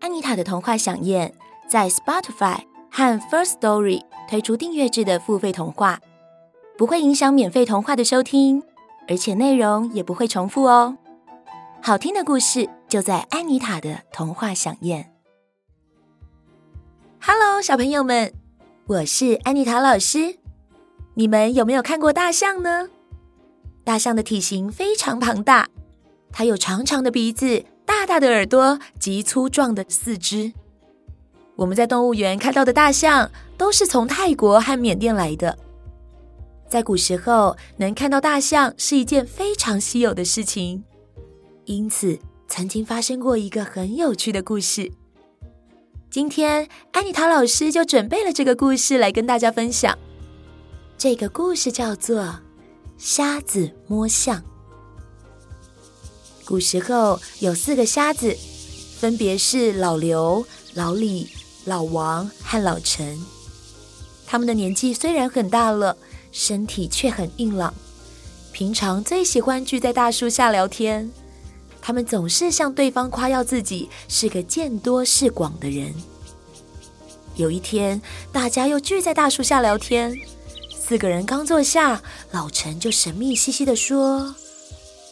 安妮塔的童話饗宴在 Spotify 和 First Story 推出訂閱制的付費童話，不會影響免費童話的收聽，而且內容也不會重複哦。好聽的故事就在安妮塔的童話饗宴。Hello，小朋友們，我是安妮塔老師。你們有沒有看過大象呢？大象的體型非常龐大，它有長長的鼻子。大大的耳朵及粗壯的四肢，我們在動物園看到的大象都是從泰國和緬甸來的。在古時候，能看到大象是一件非常稀有的事情，因此曾經發生過一個很有趣的故事。今天，安妮塔老師就準備了這個故事來跟大家分享。這個故事叫做《瞎子摸象》。古時候有四個瞎子，分別是老劉、老李、老王和老陳。他們的年紀雖然很大了，身體卻很硬朗。平常最喜歡聚在大樹下聊天。他們總是向對方誇耀自己是個見多識廣的人。有一天，大家又聚在大樹下聊天。四個人剛坐下，老陳就神秘兮兮地說：“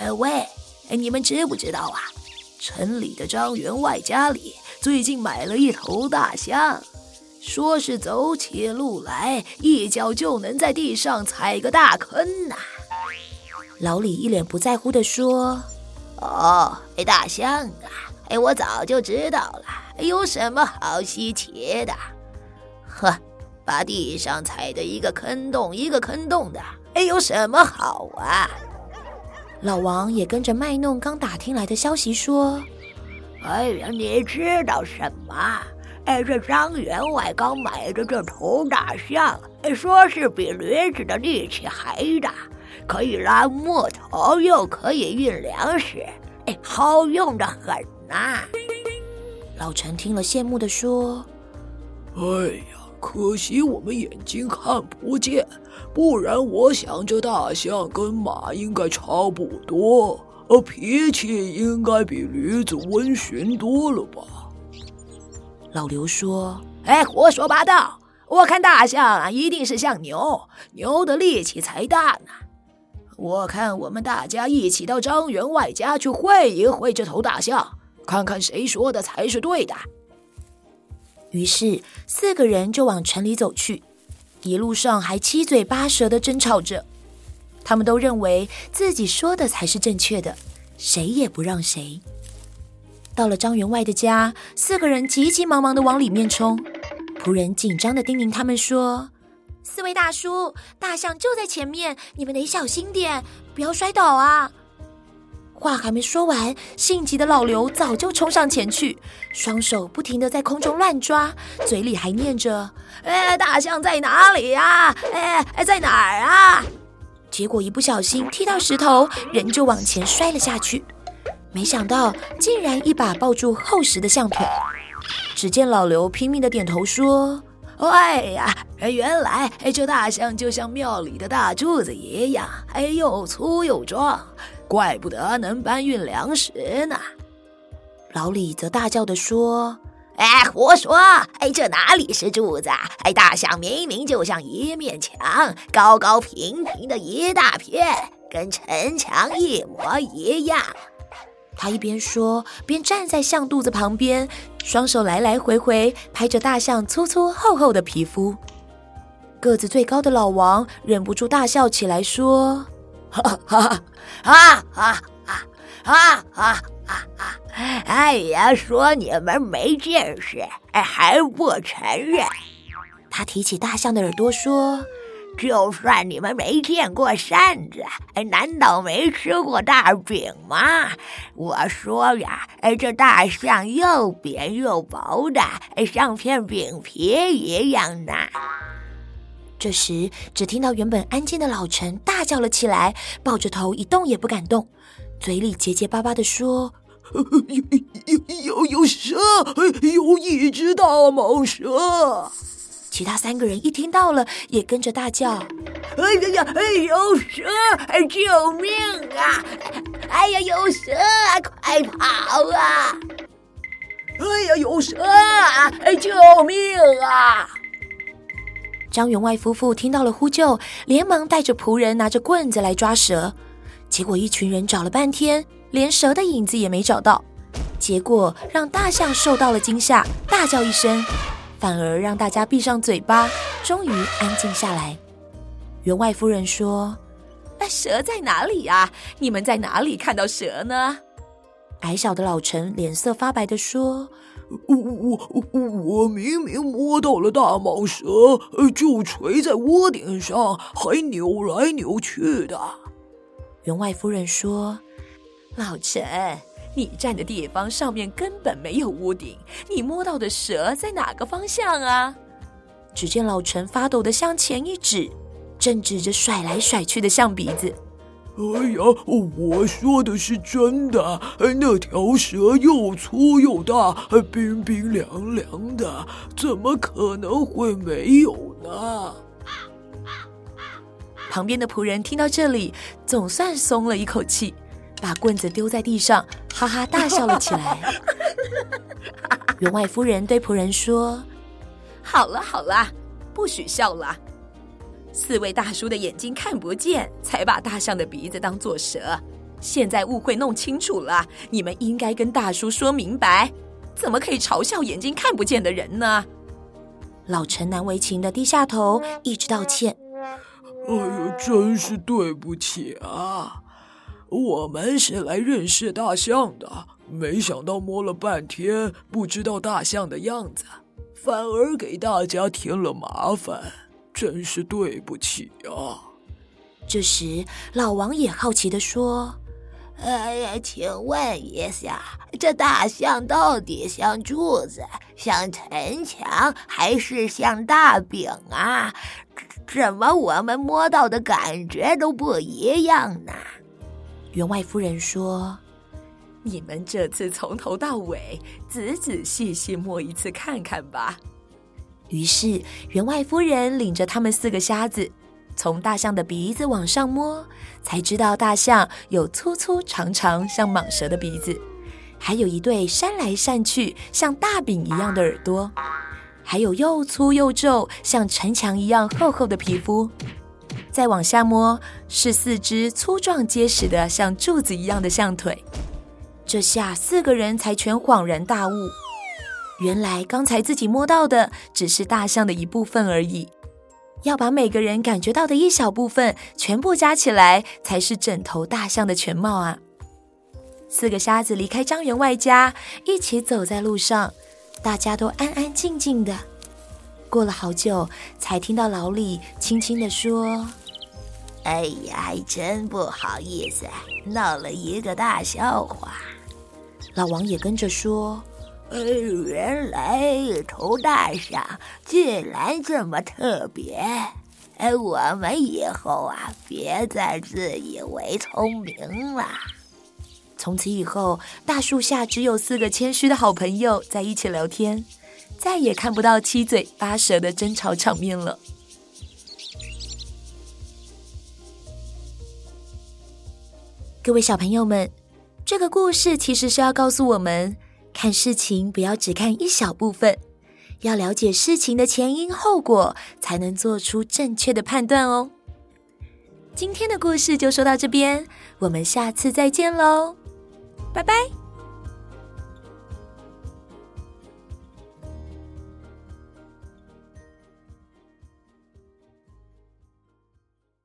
哎喂。”哎，你們知不知道啊？城裡的張員外家裡最近買了一頭大象，說是走起路來一腳就能在地上踩個大坑吶、啊。老李一臉不在乎地說：“哦，大象啊，哎，我早就知道了，有什麼好稀奇的？呵，把地上踩的一個坑洞一個坑洞的，哎，有什麼好啊？”老王也跟着賣弄剛打聽來的消息說：“哎呀，你知道什麼？哎，這張員外剛買的這頭大象，哎、說是比驢子的力氣還大，可以拉木頭，又可以運糧食，哎，好用的很吶、啊！”老陳聽了羨慕的說：“哎呀。”可惜我們眼睛看不見，不然我想這大象跟馬應該差不多，呃，脾氣應該比驢子溫馴多了吧。老劉說：“哎，胡說八道！我看大象啊，一定是像牛，牛的力氣才大呢。我看我們大家一起到張員外家去會一會這頭大象，看看誰說的才是對的。”於是，四個人就往城裡走去，一路上還七嘴八舌的爭吵着。他們都認為自己說的才是正確的，誰也不讓誰。到了張員外的家，四個人急急忙忙的往裡面衝。僕人緊張的叮嚀他們說：“四位大叔，大象就在前面，你們得小心點，不要摔倒啊！”話還沒說完，性急的老劉早就衝上前去，雙手不停地在空中亂抓，嘴裡還念着：“哎，大象在哪裡呀？哎哎，在哪兒啊？”結果一不小心踢到石頭，人就往前摔了下去。沒想到竟然一把抱住厚實的象腿。只見老劉拼命地點頭說：“哎呀，原來這大象就像廟裡的大柱子一樣，哎又粗又壯。”怪不得能搬運糧食呢！老李則大叫的說：“哎，胡說！哎，這哪裡是柱子啊？哎，大象明明就像一面牆，高高平平的一大片，跟城牆一模一樣。”他一邊說，邊站在象肚子旁邊，雙手來來回回拍着大象粗粗厚厚的皮膚。個子最高的老王忍不住大笑起來，說。哈哈哈，啊哈啊哈啊哈！哎呀，說你們沒見識，哎，還不承認。他提起大象的耳朵說：“就算你們沒見過扇子，哎，難道沒吃過大餅嗎？”我說呀，哎，這大象又扁又薄的，像片餅皮一樣的。這時，只聽到原本安靜的老陳大叫了起來，抱着頭一動也不敢動，嘴裡結結巴巴地說：“有有有有蛇！有一隻大蟒蛇！”其他三個人一聽到了，也跟着大叫：“哎呀呀！哎呀有蛇！哎救命啊！哎呀有蛇！快跑啊！哎呀有蛇！哎救命啊！”張員外夫婦聽到了呼救，連忙帶着僕人拿着棍子來抓蛇，結果一群人找了半天，連蛇的影子也沒找到。結果讓大象受到了驚嚇，大叫一聲，反而讓大家閉上嘴巴，終於安靜下來。員外夫人說：“那蛇在哪裡啊？你們在哪裡看到蛇呢？”矮小的老陳臉色發白地說。我我我明明摸到了大蟒蛇，就垂在屋頂上，還扭來扭去的。員外夫人說：“老陳，你站的地方上面根本沒有屋頂，你摸到的蛇在哪個方向啊？”只見老陳發抖的向前一指，正指着甩來甩去的象鼻子。哎呀，我說的是真的，那條蛇又粗又大，還冰冰涼涼的，怎麼可能會沒有呢？旁邊的僕人聽到這裡，總算鬆了一口氣，把棍子丟在地上，哈哈大笑了起來。 員外夫人對僕人說：“好了好了，不許笑了。”四位大叔的眼睛看不見，才把大象的鼻子當做蛇。現在誤會弄清楚了，你們應該跟大叔說明白，怎麼可以嘲笑眼睛看不見的人呢？老陳難為情的低下頭，一直道歉。哎呀，真是對不起啊！我們是來認識大象的，沒想到摸了半天，不知道大象的樣子，反而給大家添了麻煩。真是對不起啊！這時，老王也好奇地說：“哎呀、呃，請問一下，這大象到底像柱子、像城牆，還是像大餅啊？這，怎麼我們摸到的感覺都不一樣呢？”員外夫人說：“你們這次從頭到尾仔仔細細摸一次看看吧。”於是，員外夫人領着他們四個瞎子，從大象的鼻子往上摸，才知道大象有粗粗長長像蟒蛇的鼻子，還有一對扇來扇去像大餅一樣的耳朵，還有又粗又皺像城牆一樣厚厚的皮膚。再往下摸，是四隻粗壯結實的像柱子一樣的象腿。這下四個人才全恍然大悟。原來剛才自己摸到的只是大象的一部分而已，要把每個人感覺到的一小部分全部加起來，才是整頭大象的全貌啊！四個瞎子離開張員外家，一起走在路上，大家都安安靜靜的。過了好久，才聽到老李輕輕的說：“哎呀，真不好意思，鬧了一個大笑話。”老王也跟着說。呃，原來頭大象竟然這麼特別！哎，我們以後啊，別再自以為聰明了。從此以後，大樹下只有四個謙虛的好朋友在一起聊天，再也看不到七嘴八舌的爭吵場面了。各位小朋友們，這個故事其實是要告訴我們，看事情不要只看一小部分，要了解事情的前因後果，才能做出正確的判斷哦。今天的故事就說到這邊，我們下次再見嘍，拜拜。